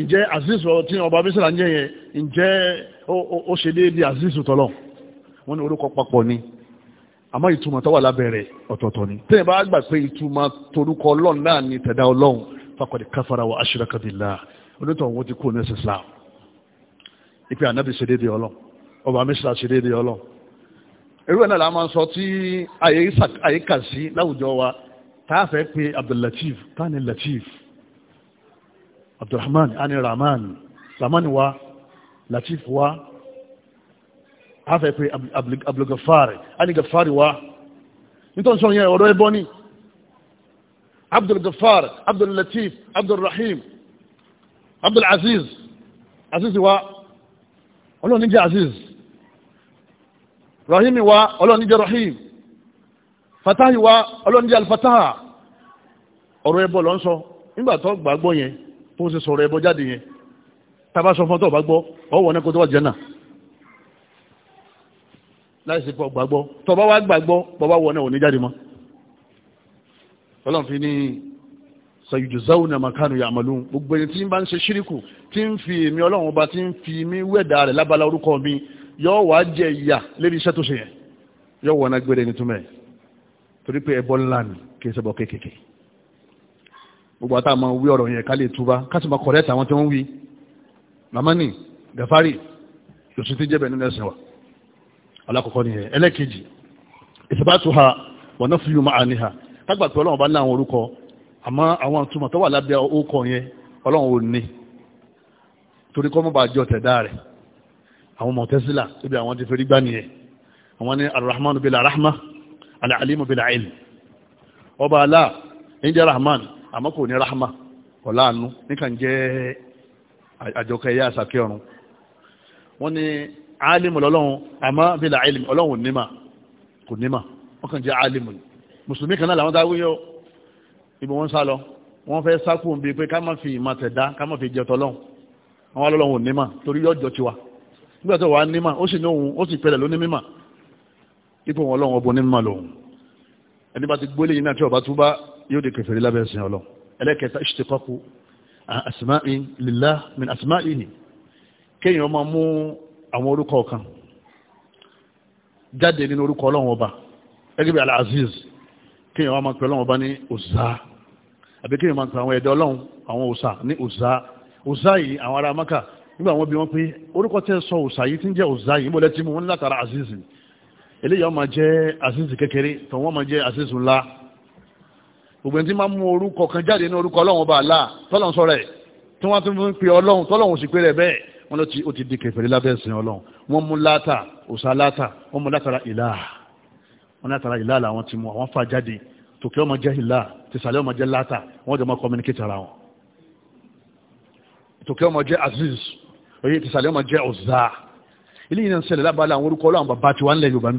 ǹjẹ́ aziz tí ọba misra ń jẹ́ yẹn ǹjẹ́ ó ṣe déédéé aziz tọ́lọ́hún wọ́n ní orúkọ papọ̀ ni àmọ́ ìtumọ̀ tó wà lábẹ́rẹ̀ ọ̀tọ̀ọ̀tọ̀ ni tẹ́yìn bá gbà pé ìtumọ̀ torúkọ ọlọ́run náà ni tẹ̀dá ọlọ́run faqad kafara wa ashraka billah onítọ̀ wọn ti kú ní ẹsẹ̀ islam ìpè ànábì ṣe déédéé ọlọ́run ọba mísírà ṣe déédéé ọlọ́run irú ẹ̀ náà la máa ń sọ tí àyè kà sí láwùjọ wa táàfẹ́ pé abdullatif tani latif abdulrahman ani rahman rahman wa latif wa afẹ́ pé abdulgafari anigafari wa nítorí sọ yẹn ọ̀rọ̀ ẹbọ ni abdulgafar abdullatif abdulrahim abdulaziz aziz wa ọlọ́run ní jẹ́ aziz rahim wa ọlọ́run ní jẹ́ rahim fatahi wa ọlọ́run ní jẹ́ alfataha ọ̀rọ̀ ẹbọ ló sọ nígbà tó gbàgbọ́ yẹn tó ń ṣe sọ̀rọ̀ ẹbọ jáde yẹn tá sọ fún tó bá ọwọ́ náà kó tó wà jẹ́ náà láìsí pọ̀ gbàgbọ́ tọba wá gbàgbọ́ bọba wọ náà ò ní jáde mọ́ ọlọ́run fi ní sayujuzawna ma kanu ya'malun gbogbo ẹni tí ń bá ń ṣe ṣíríkù tí ń fi èmi ọlọ́run ọba tí ń fi mí wẹ̀dà rẹ̀ lábala orúkọ mi yóò wá jẹ ìyà lérí iṣẹ́ tó ṣe yẹn yóò wọ́n náà gbére nítumẹ̀ torí pé ẹbọ ńlá ni kì í ṣẹbọ kéékèèké gbogbo àtà máa wí ọ̀rọ̀ yẹn ká lè túbá ká sì máa kọ̀rẹ́tà àwọn tí wọ́n wí mamani gafari yòsùn ti jẹ́bẹ̀ nínú ẹ̀sìn wa alákọ̀ọ́kọ́ ni ẹ̀ ẹlẹ́kejì ìsìbátú ha wọ̀n náà fúyú máa níha tágbà pé ọlọ́run bá ní àwọn orúkọ àmọ́ àwọn àtúmọ̀ tó wà lábẹ́ orúkọ yẹn ọlọ́run ò ní torí kọ́ mọ́ bá jọ tẹ̀dá rẹ̀ àwọn mọ̀tẹ́sílà ibi àwọn ti fẹ́rí gbá nìyẹn àwọn ní arahman bila rahma alalimu bila ilmi ọba alá ń jẹ́ rahman àmọ́ kò ní rahma ọ̀làánú níkan jẹ́ àjọkẹ́ yá àsàkẹ́ ọ̀run wọ́n ní alimu lọ́lọ́run àmọ́ bila ilmi ọlọ́run nímà kò nímà wọ́n kàn jẹ́ alimu mùsùlùmí kan náà làwọn dáwé yóò ibi wọ́n sá lọ wọ́n fẹ́ sákù bí pé ká má fi ìmọ̀ tẹ̀dá ká má fi jẹ tọ́lọ́run àwọn alọ́lọ́run nímà torí yọjọ tiwa nígbà tó wà nímà ó sì lóhun ó sì pẹlẹ̀ lóní mímà ipò wọn ọlọ́run ọbọ onímà lòun máa mú àwọn orúkọ kan jáde nínú orúkọ ọlọ́run ọba ẹgbẹ́ bí alaziz kí èèyàn wá máa pe ọlọ́run ọba ní òsà àbí kí èèyàn máa pe àwọn ẹ̀dọ́ ọlọ́run àwọn òsà ní òsà òsà yìí àwọn ará maka nígbà wọn bí wọn pé orúkọ tẹ́ sọ òsà yìí tí ń jẹ́ òsà yìí mọ̀lẹ́ tí mo ń látara aziz eléyìí ó máa jẹ́ aziz kékeré tó wọ́n máa jẹ́ aziz ńlá gbogbo ẹni tí máa mú orúkọ kan jáde nínú orúkọ ọlọ́run ọba àlá tọ́lọ́ wọ́n lọ́ti ó ti di kẹfẹ̀rẹ́ lábẹ́sìn ọlọ́run wọ́n mú látà òsà látà wọ́n mú látara ìlà wọ́n látara ìlà làwọn ti mú àwọn fà jáde tòkè ọmọ jẹ́ ìlà tìsàlẹ̀ ọmọ jẹ́ látà wọ́n jọ mọ́ communicate ara wọn tòkè ọmọ jẹ́ aziz oye tìsàlẹ̀ ọmọ jẹ́ ọ̀zà ilé yìí náà ń ṣẹlẹ̀ lábàlá àwọn orúkọ ọlọ́run bàbá tiwa ńlẹ̀ yorùbá ń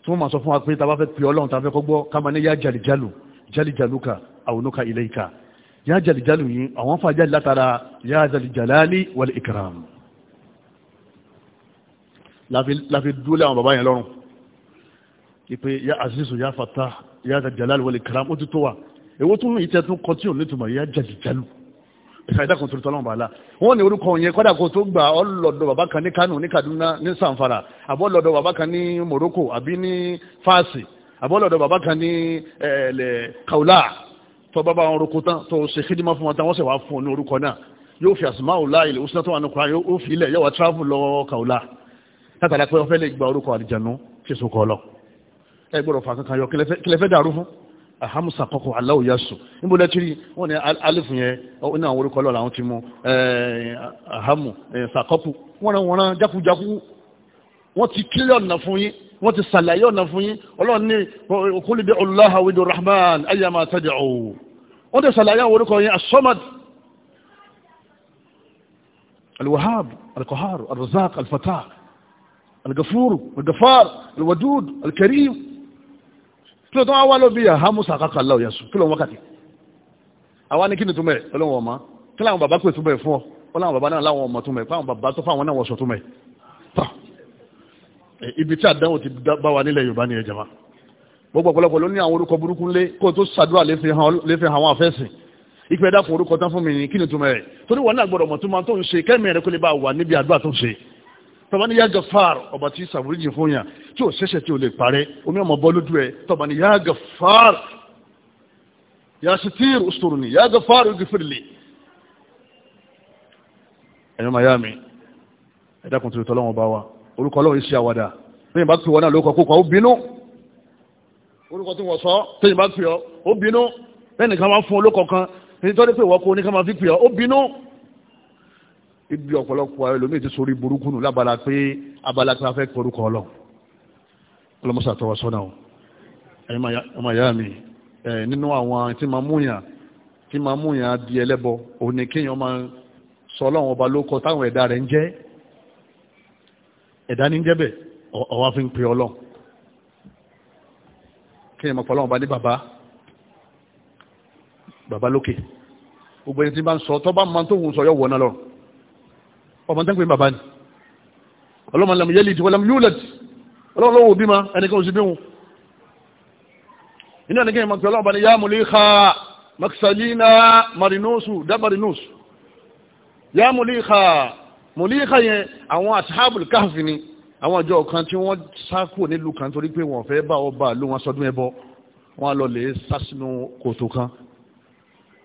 tí wọ́n máa sọ fún wa pé tá a bá fẹ́ pe ọlọ́run tá a fẹ́ kọ́gbọ́ ká máa ní yá jàlìjàlù jàlìjàlù ka àwònúka ilé ìka yá jàlìjàlù yìí àwọn fàájá látara yá jàlìjàlálì wal ikram láfi dúlé àwọn bàbá yẹn lọ́rùn ipe yá azizu yá fata yá jàlìjàlálì wal ikram ó ti tó wa èwo tún ní ìtẹ́tún kọ tí ò ní tùmọ̀ yá jàlìjàlù ìfàyídà kan tuntun lọ́wọ́ bàálà wọ́n ní orúkọ yẹn kọ́dà kó tó gba ọlọ́dọ̀ bàbá kan ní Kano ní Kaduna ní Sanfara àbọ̀lọ́dọ̀ bàbá kan ní Morocco àbí ní Fásì àbọ̀lọ́dọ̀ bàbá kan ní eh, Kaula tó bá bá wọn roko tán tó ṣe xidima fún wọn tán wọ́n sì wá fún ọ ní orúkọ náà yóò fi àsùnmá òlá ilẹ̀ òsínà tó wà ní kùrán yóò fi ilẹ̀ yóò wá travel lọ kàwùlá látàlá pé wọ́n fẹ́ lè gba orúkọ àdìjànú ṣe sókọ lọ ẹ gbọ́dọ̀ fà kankan yọ kílẹ̀fẹ́ dàrú fún ahamusa kọkọ aláwò yasu níbo lẹ́tírí wọ́n ní alifu yẹn ní àwọn orúkọ lọ́la àwọn ti mú ahamu sakọ́pù wọ́n rán wọ́n rán jákujáku wọ́n ti kílíọ̀nù fún yín wọ́n ti sàlàyé ọ̀nà fún yín ọlọ́run ní kúlìdé Allaha widu rahman ayyama tad'u wọ́n ti sàlàyé àwọn orúkọ yín as-samad al-wahhab al-qahhar al-razzaq al-fatah al-ghafur al-ghaffar wá ló bí àhámú sàkàkà láwọ̀ yẹn sùn kí wákàtí àwa ní kí ni túmọ̀ ẹ̀ ọlọ́run ọ̀ma kí bàbá pè túmọ̀ fún ọ ọlọ́run bàbá náà láwọn ọmọ túmọ̀ ẹ̀ fáwọn bàbá tó fáwọn náà wọ̀ ibi tí àdánwò ti bá wa nílẹ̀ yorùbá ni ẹ jama gbogbo ọ̀pọ̀lọpọ̀ ló ní àwọn orúkọ burúkú ńlé kó tó ṣàdúrà léfẹ́ àwọn afẹ́sìn ìpẹ́ dàpọ̀ orúkọ tán fún mi ní kí ni túmọ̀ rẹ̀ torí wọn náà gbọ́dọ̀ mọ̀ tó máa tó ń ṣe kẹ́mì rẹ̀ kó lè bá wà níbi àdúrà tó ń ṣe tọba yá gafar ọba tí sàbúrìjì fún yàn tí ò ṣẹ̀ṣẹ̀ tí ò lè parẹ́ omi ọmọ bọ́ lójú ẹ tọba yá gafar yá sitir usturni yá gafar igfirli ẹ̀yọ́ mayami ẹ̀dá kan tó tọ́lọ́wọ́n bá wa orúkọ ọlọ́run iṣẹ́ àwàdà tẹ́yìn bá pè wọ́n náà lóko kókò ó bínú orúkọ tí wọ́n sọ tẹ́yìn bá pè ọ́ ó bínú lẹ́nu kan máa fún olóko kan nítorí pé ìwọ́kọ oníkan máa fi pè ọ́ ó bínú ibi ọ̀pọ̀lọpọ̀ ẹlòmíì ti sori burúkú nù lábala pé abala tí wọ́n fẹ́ pé orúkọ ọlọ́ ọlọ́mọṣà tọwọ́ sọ́nà o ẹ̀yin ọmọ ìyá mi ẹ̀ nínú àwọn tí máa múyàn tí máa múyàn di ẹlẹ́bọ òní kéèyàn máa sọ ọlọ́run ọba lóko táwọn ẹ̀dá rẹ̀ ń jẹ́ ẹ̀dá ní jẹ́bẹ̀ ọwá fi ń pè ọlọ́n kí ni mọ̀pọ̀ ọlọ́run bá ní bàbá bàbá lókè gbogbo ẹni tí bá ń sọ tọ́ bá máa tó wùn sọ yọ wọ̀ná lọ ọmọ tẹ́ ń pè bàbá ni ọlọ́run lam yalid wa lam yulad ọlọ́run lọ́wọ́ bímọ ẹnìkan òsì bíhun inú ẹnìkan ìmọ̀ pé ọlọ́run bá ní yá mulikha maksalina marinusu dabarinus yá mulikha mùlíkà yẹn àwọn asahabul káfí ni àwọn àjọ kan tí wọ́n sá kúrò nílùú kan torí pé wọ́n fẹ́ bá ọba ló wọn sọdún ẹbọ wọn lọ lè sá sínú kòtò kan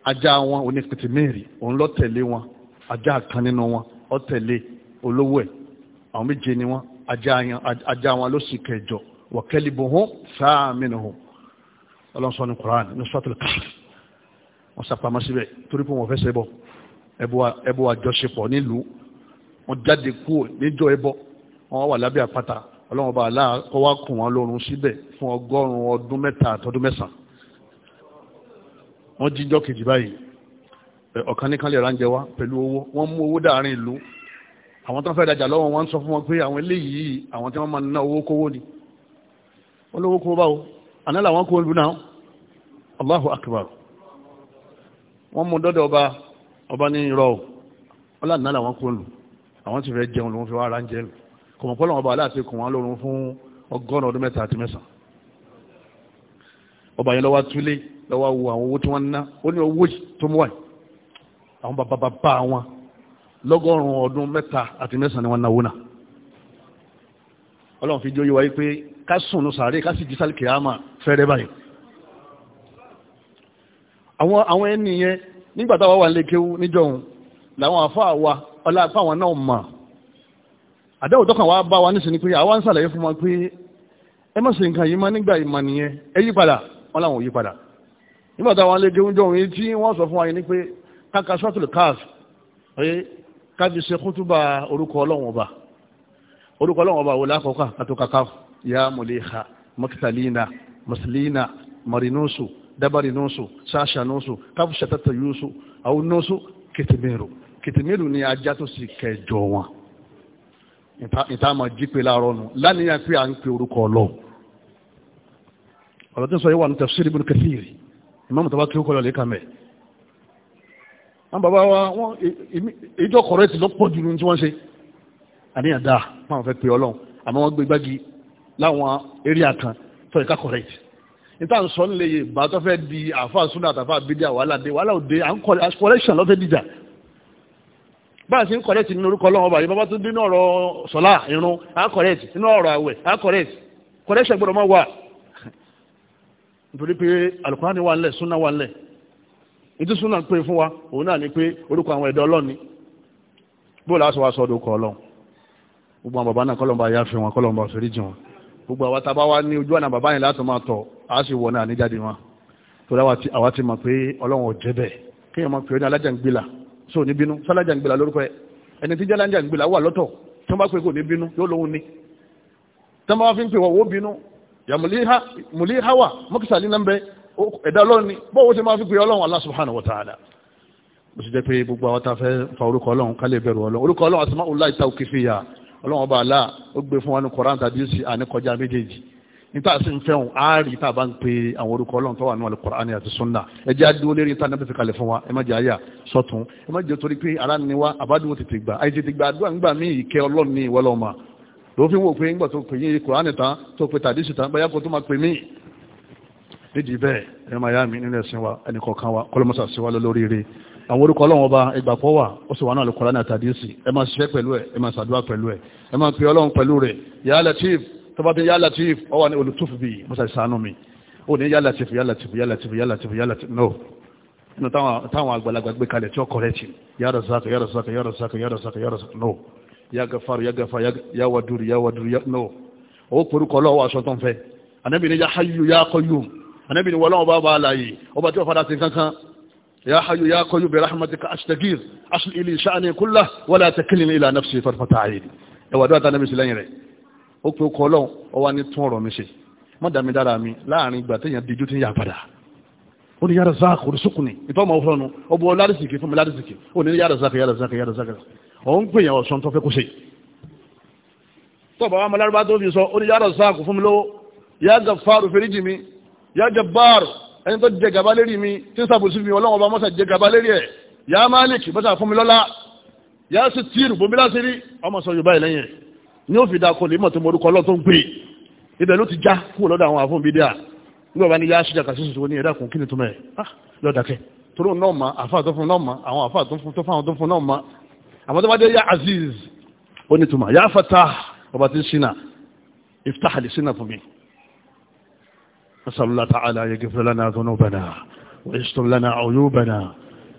ajá wọn onípìtì mẹ́rin òun lọ tẹ̀lé wọn ajá kan nínú wọn ó tẹ̀lé olówó ẹ̀ àwọn méje ni wọn ajá wọn ló sì kẹjọ wọ̀kẹ́lì bò hún sáà hù ọlọ́sọ ní Qur'an ní sọ́tìlì káfí wọ́n sàpamọ́ síbẹ̀ torí pé wọ́n fẹ́ ṣẹbọ ẹbọ àjọṣepọ̀ nílùú wọ́n jáde kúrò níjọ́ ẹbọ wọ́n wà lábẹ́ àpáta ọlọ́run bá aláà kọ́ wá kùn wọn lọ́rùn síbẹ̀ fún ọgọ́rùn-ún ọdún mẹ́ta àtọ́dún mẹ́sàn wọ́n jíjọ́ kejì báyìí ọ̀kan nìkan lè ránjẹ wá pẹ̀lú owó wọ́n mú owó dáàrin ìlú àwọn tó ń fẹ́ dájà lọ́wọ́ wọn ń sọ fún wọn pé àwọn eléyìí àwọn tí wọ́n máa ná owó kówó ni wọ́n lówó kówó báwo àná làwọn kó lù náà Allahu akbar wọ́n mú dọ́dọ̀ ọba ọba ní irọ́ ọ̀la àná làwọn kó lù àwọn sì fẹ́ jẹun lòun fi wá ránjẹ́ kọ̀mọ̀pọ̀ lọ́wọ́ ọba aláàtì kùn wọn lórun fún ọgọ́rùn ọdún mẹ́ta àti mẹ́sàn ọba yẹn lọ́wọ́ túlé lọ́wọ́ wo àwọn owó tí wọ́n ná ó ní owó tó mú wà àwọn bàbá bàbá wọn lọ́gọ́rùn ọdún mẹ́ta àti mẹ́sàn ni wọ́n náwó náà ọlọ́run fi jóyé wáyé pé ká sùn ní sàárè ká sì jí sálì kìáàmà fẹ́rẹ́ báyìí àwọn ẹni yẹn nígbà táwa wà nílé làwọn àfáà wa ọlápá àwọn náà mọ̀ àdáwò tọ́kàn wá bá wa nísìnyí pé àwa ń sàlàyé fún wa pé ẹ má ṣe nǹkan yìí má nígbà ìmọ̀ nìyẹn ẹ yí padà wọn làwọn ò yí padà nígbà táwọn alẹ́ jẹun jọ òun tí wọ́n sọ fún wa yìí ni pé káka sọ́tìlì káàf pé kábi ṣe kútúbà orúkọ ọlọ́wọ̀n ọba orúkọ ọlọ́wọ̀n ọba wò lákọ̀ọ́kà àti kàkà ya muliha maktalina maslina marinusu dabarinusu yusu àwọn nusu kìtìmẹ́rù kìtìmẹ́rù ni ajá tó sì kẹjọ wọn ìta máa jí pé láàárọ̀ nù lánìyàn pé à ń pe orúkọ ọlọ́run ọ̀rọ̀ tó sọ yìí wà ní tafsir ibn kathiri ìmáàmù tó bá kí ó kọ́ lọ lè kàmẹ́ àwọn bàbá wa wọn ìjọ kọ̀rọ̀ ti lọ́pọ̀ jù ní tí wọ́n ṣe àníyàn dáa máa fẹ́ pe ọlọ́run àmọ́ wọ́n gbé gbági láwọn eré àkàn tó ìka kọ̀rẹ́tì níta ń sọ nílé yìí bàtọ́ fẹ́ di àfa súnà àtàfà bídíà wàhálà dé wàhálà òde à ń kọ́ collection lọ́fẹ́ dìjà báyìí sí ń correct nínú orúkọ ọlọ́run ọba yìí bàbá tó dé nínú ọ̀rọ̀ sọ́lá irun à correct nínú ọ̀rọ̀ àwẹ̀ à correct correction gbọ́dọ̀ máa wà nítorí pé alukurani wà nílẹ̀ súnà wà nílẹ̀ ìdí súnà pé fún wa òun náà ni pé orúkọ àwọn ẹ̀dọ́ ọlọ́run ni bó làásù wa sọ ọdún kọ ọlọ́run gbogbo àwọn bàbá náà kọ́lọ́mbà yá fi wọn kọ́lọ́mbà fèrè jì wọn gbogbo àwọn tábà wá ní ojú ọ̀nà a sì wọ̀ náà níjáde wọn tó dáwà tí àwa ti mọ̀ pé ọlọ́run ọ̀jẹ́ bẹ̀ kí èèyàn mọ̀ pé ní alájàngbìlà sí ò ní bínú sálájàngbìlà lórúkọ ẹ ẹni tí jálájàngbìlà wà lọ́tọ̀ tí wọ́n bá pè kò ní bínú yóò lóhun ni tí wọ́n bá fi ń pè wọ́n wó bínú yà mùlí hawa mọ́kísàlí náà ń bẹ ẹ̀dá ọlọ́run ni bọ́wọ́ ti máa fi pè ọlọ́run Allah subhanahu wa ta'ala bó ti jẹ́ pé gbogbo àwọn tafẹ́ fa orúkọ ọlọ́run kálẹ̀ bẹ̀rù ọlọ́run orúkọ ọlọ́run asma'ullahi tawqifiyya ọlọ́run ọba àlá ó gbé fún wa ní Kùránì tàbí sí àníkọjá méjèèjì níta sí ń fẹ́hùn ààrí tá a bá ń pe àwọn orúkọ ọlọ́run tó wà nínú Al-Qur'ani àti sunna ẹjẹ́ adúró lérí tá a náà fi kalẹ̀ fún wa ẹ má jẹ́ àyà sọ́tún ẹ má jẹ́ torí ni wa àbádùn tètè gbà àìsè tètè gbà àdúrà ńgbà mí ìkẹ́ ọlọ́run ní ìwọ́ lọ́mà ló fi wò pé ńgbà tó pè yín Qur'ani tán tó pe tàdísì tán báyà kó tó máa pè mí nídìí bẹ́ẹ̀ ẹ máa yá mi nínú ẹ̀sìn wa ẹnì kọ̀ọ̀kan wa kọlọ́mọ́sà sí wa lórí rẹ̀ àwọn orúkọ ọlọ́run ọba ìgbàpọ̀ wà ó sì wà náà lọ́kọ̀ọ́lá náà tàdísì ẹ máa ṣiṣẹ́ pẹ̀lú ẹ̀ ẹ máa ṣàdúrà pẹ̀lú ẹ̀ ẹ máa pe ọlọ́run pẹ̀lú rẹ̀ tó bá ti yá latif ọ wà ní olùtúfù bíi musa ìsànú mi ó ní yá latif yá latif yá latif yá latif yá latif no inú táwọn àgbàlagbà gbé kalẹ̀ tí ó kọ̀rẹ́tì yá razak yá razak yá razak yá razak yá razak no yá gafar yá gafar yá wadúri yá wadúri no ó porúkọ lọ́wọ́ aṣọ tó ń fẹ́ anábì ní yá hayu yá qayyum anábì ní wọlọ́wọ́ bá bá láàyè ọba tí ó fara sí kankan yá hayu yá qayyum bi rahmatika astagir asli ili sha'ani kullah wala takilin ila nafsi farfata ayini ẹwà dọ́ta anábì sí lẹ́yìn rẹ̀ ó pe okọ̀ ọlọ́run ó wá ní tún ọ̀rọ̀ mi ṣe mọ́ dàmí dára mi láàrin ìgbà téèyàn dijú tí ń yà padà ó ní yàrá záàkù rìsùkùnì ìtọ́mọ̀ òfuranu ó bu ọlárìsìkì fún mi lárìsìkì ó ní yàrá záàkù yàrá záàkù yàrá záàkù ọ̀ ń gbìyànjú ọ̀sán tó fẹ́ kó ṣe tọ́bà wa malárúbá tó fi sọ ó ní yàrá záàkù fún mi lówó yá gafaru fèrèjì mi yá jabbar ẹni tó jẹ gàba lérí mi tí ní ó fi da kò lè mọ̀ tó mọ orúkọ ọlọ́run tó ń gbé ibẹ̀ ló ti já kúrò lọ́dọ̀ àwọn àfún bídíà nígbà bá ní yá ṣíjà kàṣí ṣùṣù ní ẹ̀dàkùn kí ni tó mẹ́rẹ̀ lọ́dàkẹ́ ah, toró náà ma àfà tó fún náà ma àwọn àfà tó fáwọn tó fún náà ma àwọn tó bá dé yá aziz ó ní tuma yá fata ọba tí sínà iftah lè sínà fún mi asalula ta'ala ya gifir lana zunubana wa istur lana ayubana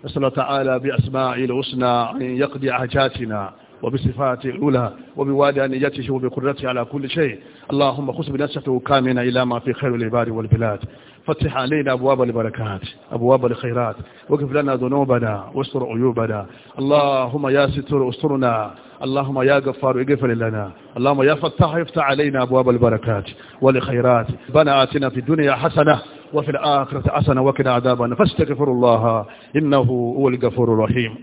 asalula ta'ala bi asma'il husna in yaqdi ajatina وبصفات الأولى وبوادي أنيته وبقدرته على كل شيء اللهم خص بنسته كامنا إلى ما في خير العباد والبلاد فتح علينا أبواب البركات أبواب الخيرات وقف لنا ذنوبنا واستر عيوبنا اللهم يا ستر أسرنا اللهم يا غفار اغفر لنا اللهم يا فتاح افتح علينا أبواب البركات والخيرات بنا آتنا في الدنيا حسنة وفي الآخرة حسنة وقنا عذابا فاستغفر الله إنه هو الغفور الرحيم